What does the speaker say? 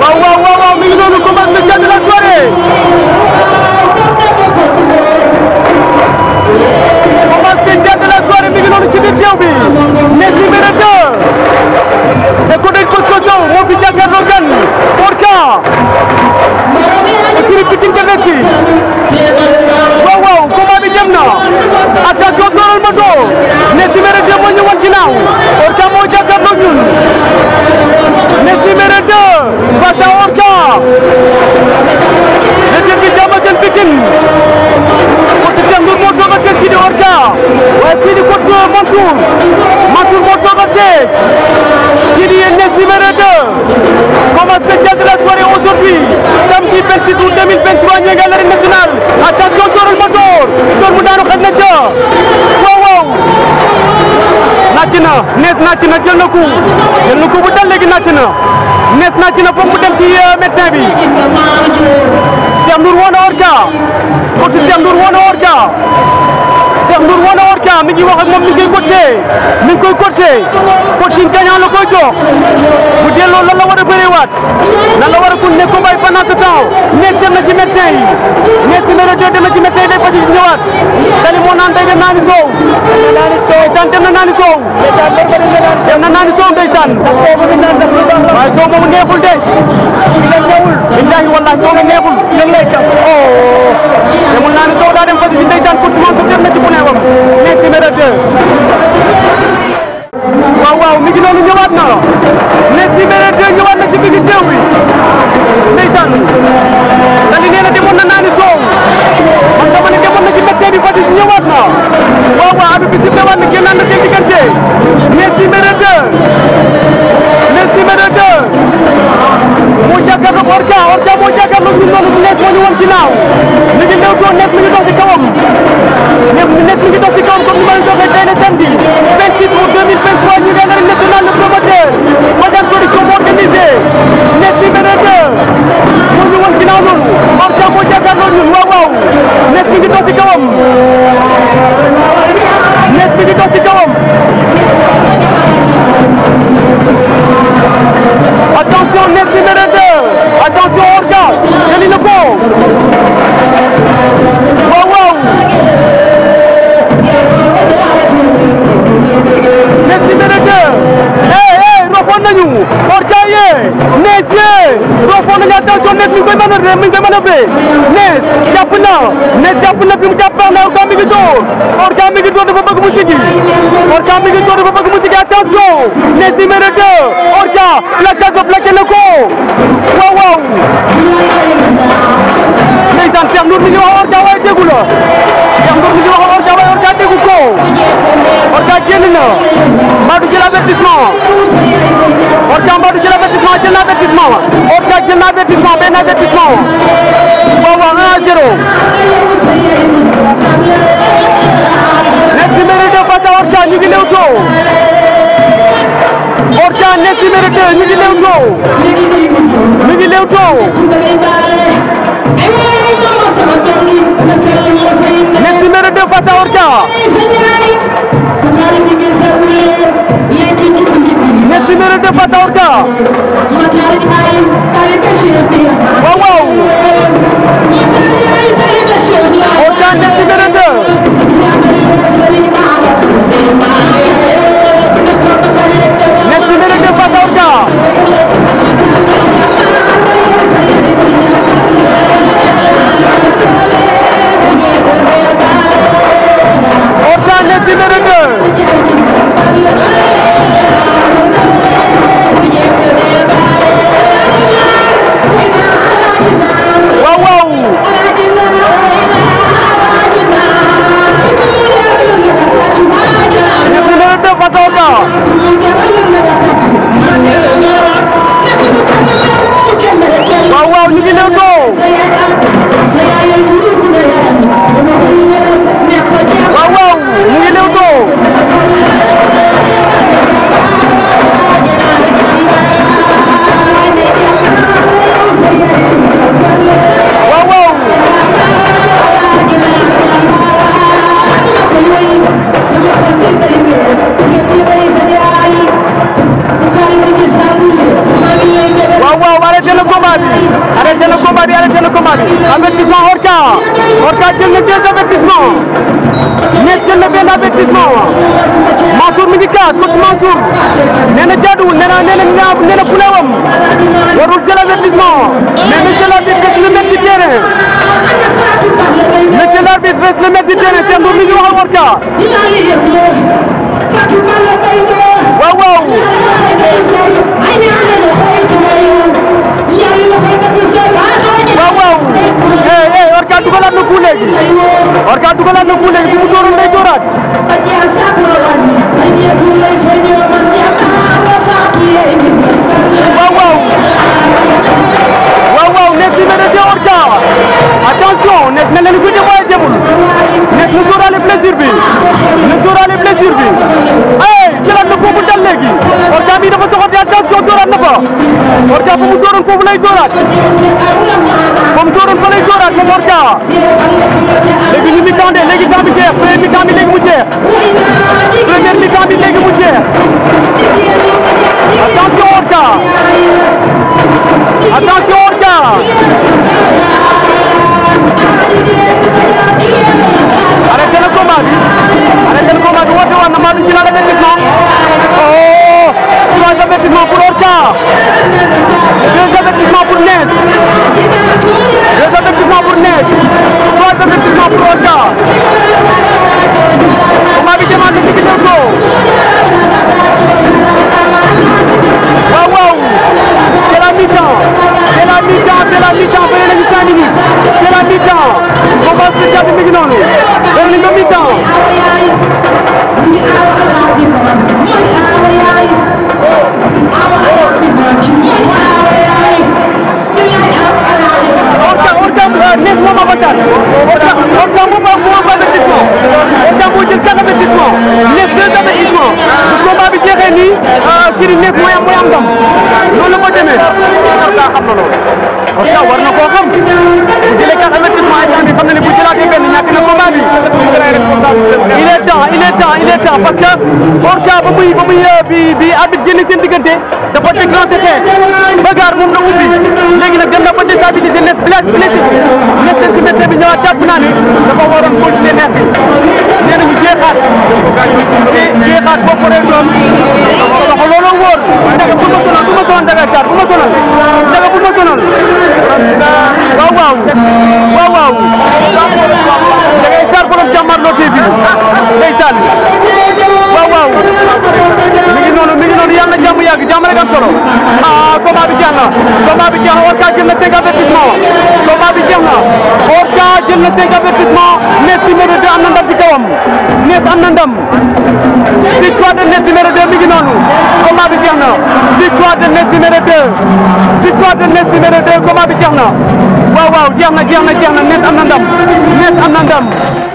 waaw waaw mi ngi noonu commencé jàng la soirée mi ngi ci biir teew bi nekk numéro 2 leader international. Attention Sorul Masor. Dóor mu daanu xet na ca. waaw waaw. nàcc na nees nàcc na jël na ko jël na ko bu dal léegi nàcc na nees nàcc na foog mu dem ci médecin bi. Cheikh Ndour woon na orga. coach Cheikh Ndour woon na orga. Cheikh Ndour woon na orga mi ngi wax ak moom mi ngi koy coaché mi ngi koy coaché coaching gagnant la koy jox bu delloo lan la war a bëreewaat lan la war a kun ne combat pendant dem na ci médecin yi nekk na rajo dem na ci médecin yi day faj ñëwaat tali moo naan day soow naa soow daan dem na naa soow dem na naa ni soow ndeysaan waaye soow moomu neexul de billahi wallahi soow mi neexul oh. demul naa ni soow daa dem faj ci dem na ci bu neexam nekk numéro 2 waaw waaw mi ngi noonu ñëwaat na ginnaaw mi ngi lëwtoo nekk mi ngi dox ci kawam nekk mi ngi dox ci kawam comme ni ma leen ko waxee tey ne samedi 26 août 2023 ñu ngi leen national le promoteur Modène Production moo organisé nekk numéro 2 mu ñu woon ginnaaw loolu Mame Thiam moo jàkkaarloo ñun waaw waaw nekk mi ngi dox ci kawam ne mi ngi koy manoeuvré mu jàpp na Orca mi ngi door Orca mi ngi door dafa bëgg mu siggi Orca mi ngi door dafa bëgg mu siggi attention ne numéro ko plaqué na ko waaw waaw ndeysaan Cheikh Ndour mi ngi wax Orca du jël avertissement jàmbaar du jël avertissement jël na avertissement wa Orca jël na avertissement benn avertissement wa waaw waaw 1 à 0 Ness numéro 2 face à Orca ñu ngi lew too Orca Ness numéro 2 ñu ngi lew too ñu ngi lew too Ness numéro 2 face à Orca Fatawrka arrêté le combat bi arrêté le combat bi arrêté le combat bi avertissement Orca Orca jël na deux avertissement mais jël na benn avertissement Mansour mi ngi kaas coach Mansour nee na jaaduwul nee na nee na ñaar nee na fulewam warul jël avertissement mais monsieur l'arbitre reste le maître du terrain monsieur l'arbitre reste le maître du terrain Cheikh Ndour mi ngi wax ak Orca waaw waaw dugalal na Boulaye bi mu dóorul day dóoraat. waaw waaw. waaw waaw nekk bi mel ne Dior Diawa attention nekk na leen guddi waaye demul nekk mu dóoraale plaisir bi mu dóoraale plaisir bi ay jëlaat na foofu dal léegi Ordia bi dafa soxal di attention dóoraat na fa Ordia fu mu dóoroon foofu lay dóoraat comme dóoroon fa lay dóoraat moom Ordia. léegi ñu mi temps de léegi jeex premier mi temps bi mu jeex premier mi temps bi mu jeex attention Orca attention Orca Militão! Danilo Militão! Sëriñ Nees mooy am mooy am ndam loolu la moo demee. war na koo xam. bi xam na ne bu jëlaatee benn ñàkk na combat bi il est temps il est temps il est temps parce que Orca ba muy ba muy euh, bi bi arbitre génne seen diggante dafa déclenché tee bagaar moom la ubbi léegi nag dem na ba déstabilisé les blessé blessé les seen cimetière bi ñëwaat jàpp naa ne dafa waroon continuer neex bi nee nañu jeexaat te jeexaat boo paree doon wax loolu wóor ndax bu ma sonal bu ma sonal Dakar bu ma sonal Dakar bu ma sonal waaw waaw waaw waaw da ngay sar borom Jamarloo TV ndeysaan waaw waaw mi ngi noonu mi ngi noonu yàlla na jàmm yàgg jàmm rek am solo ah combat bi jeex na combat bi jeex na Orca jël na cinq avertissement combat bi jeex na Orca jël na cinq avertissement Ness numéro 2 am na ndam ci kawam Ness am na ndam victoire de Ness numéro 2 mi ngi noonu combat bi jeex na victoire de Ness numéro 2 victoire de Ness numéro 2 combat bi jeex na waaw waaw jeex na jeex na jeex na Ness am na